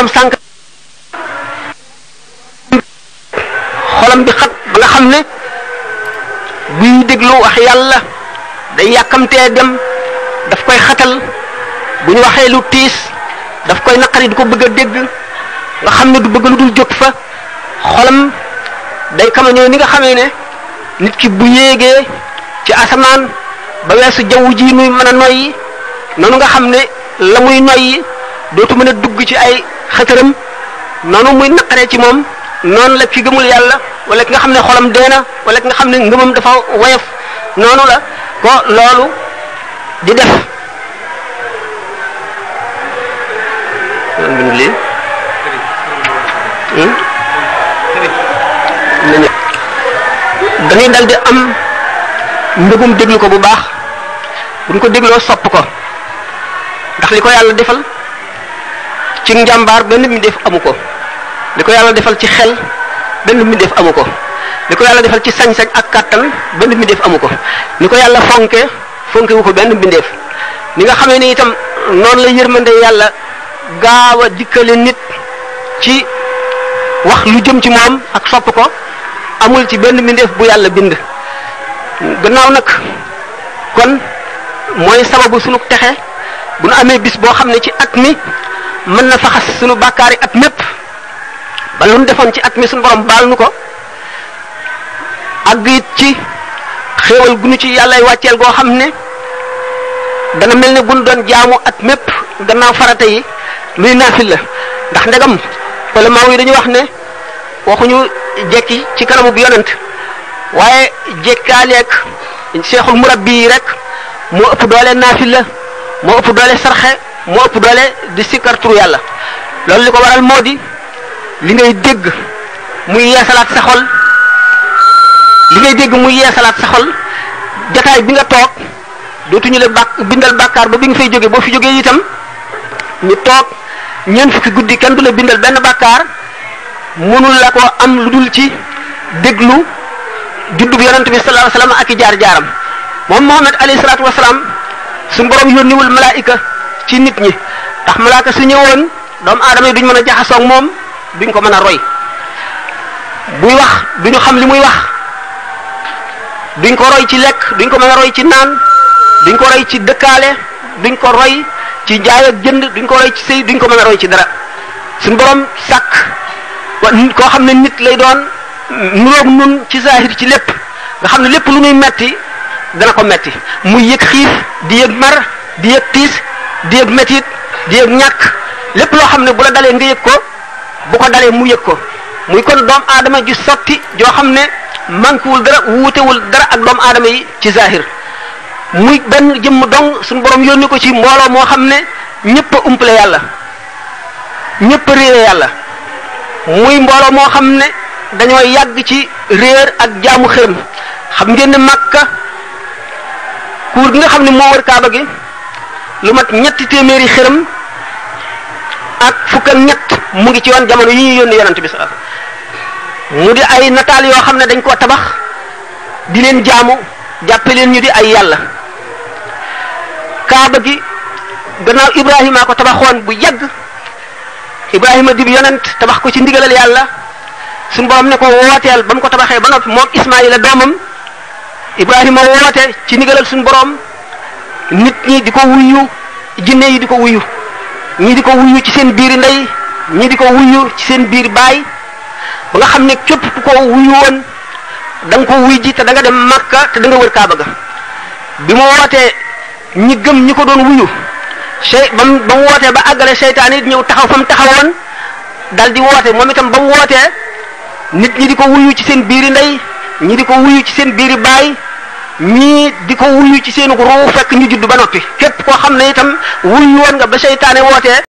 xolam sànq xolam bi xat ba nga xam ne buy déglu wax yàlla day yàkkamtee dem daf koy xatal bu ñu waxee lu tiis daf koy naqari du ko bëgg a dégg nga xam ne du bëgg lu dul jóg fa xolam day kamañoo ni nga xamee ne nit ki bu yéegee ci asamaan ba weesu jaww ji muy mën a noyyi noonu nga xam ne la muy noyyi dootu mën a dugg ci ay xëtëram noonu muy naqaree ci moom noonu la ki gëmul yàlla wala ki nga xam ne xolam deena wala ki nga xam ne ngëmam dafa woyof noonu la ko loolu di def lii dañuy dal di am mbëggum déglu ko bu baax buñ ko dégloo sopp ko ndax li ko yàlla defal ci njàmbaar benn mbindeef amu ko li ko yàlla defal ci xel benn mbindeef amu ko li ko yàlla defal ci sañ-sañ ak kàttan benn mbindeef amu ko ni ko yàlla fonke fonke ko benn mbindeef ni nga xamee ni itam noonu la yërmande yàlla gaawa a dikkale nit ci wax lu jëm ci moom ak sopp ko amul ci benn mbindeef bu yàlla bind gannaaw nag kon mooy sababu sunu texe bu nu amee bis boo xam ne ci ak mi mën na faxas sunu bàkkaari at mépp ba lu nu defoon ci at mi sunu borom baal nu ko àgg it ci gu gunu ci yàllay wàcceel goo xam ne dana mel ne gunu doon jaamu at mépp gannaaw farata yi luy naafil la ndax ndegam ulama yi dañu wax ne waxuñu jekki ci kanamu bu yonent waaye jekkaaleeg seexul murabbi yi rek moo ëpp doole naafil la moo ëpp doole sarxe moo ëpp doole di sikkar yàlla loolu li ko waral moo di li ngay dégg muy yeesalaat sa xol li ngay dégg muy yeesalaat sa xol jataay bi nga toog dootuñu la bàkk bindal bàkkaar ba bi nga fay jógee boo fi jógee tam ñu toog ñeent fukki guddi kenn du la bindal benn bàkkaar mënul la am lu dul ci déglu juddub yonent bi sallallahu alayhi wasallam ak i jaar jaaram moom Muhammad alayhi salaatu wasalaam suñu borom yónniwul malaayika ci nit ñi ndax malaaka su ñëwoon doomu aadama yi duñ mën a jaxasoog moom duñ ko mën a roy buy wax duñu xam li muy wax duñ ko roy ci lekk duñ ko mën a roy ci naan duñ ko roy ci dëkkaale duñ ko roy ci jaay ak jënd duñ ko roy ci sëy duñ ko mën a roy ci dara suñ borom sàkk koo xam ne nit lay doon nuroog nun ci zahir ci lépp nga xam ne lépp lu muy metti dana ko metti muy yëg xiif di yëg mar di yëg tiis di yëg métit di yëg ñàkk lépp loo xam ne bu la dalee nga yëg ko bu ko dalee mu yëg ko muy kon doom adama ju sotti joo xam ne manquewul dara wuutewul dara ak doom aadama yi ci zahir muy benn jëmm dong suñu borom yónni ko ci mbooloo moo xam ne ñëpp a umpale yàlla ñëpp a yàlla muy mbooloo moo xam ne dañoo yàgg ci réer ak jaamu xërëm xam ngeen ne màkka kuur gi nga xam ne moo wër kaaba gi lu mat ñetti téeméeri xërëm ak fukk ñett mu ngi ci woon jamono yi ñuy yónni yonent bi sa mu di ay nataal yoo xam ne dañ koo tabax di leen jaamu jàppe leen ñu di ay yàlla kaaba gi gannaaw Ibrahima ko tabaxoon bu yàgg Ibrahima di yonent tabax ko ci ndigalal yàlla suñu borom ne ko wooteel ba mu ko tabaxee ba noppi moom Ismaayila doomam Ibrahima woote ci ndigalal suñu borom. nit ñi di ko wuyu jinne yi di ko wuyu ñii di ko wuyu ci seen biir ndey ñii di ko wuyu ci seen biir baay ba nga xam ne képp ku ko wuyu woon da nga ko wuy ji te da nga dem Makka te da nga wër Kaaba ga bi mu wootee ñi gëm ñi ko doon wuyu sey ba mu ba mu wootee ba àggale seytaan yi ñëw taxaw fa mu taxawoon dal di woote moom itam ba mu wootee nit ñi di ko wuyu ci seen biiri ndey ñi di ko wuyu ci seen biiri baay ñii di ko wulli ci seenu ruu fekk ñu judd ba noppi képp koo xam ne itam wulli wan nga ba seytaane wootee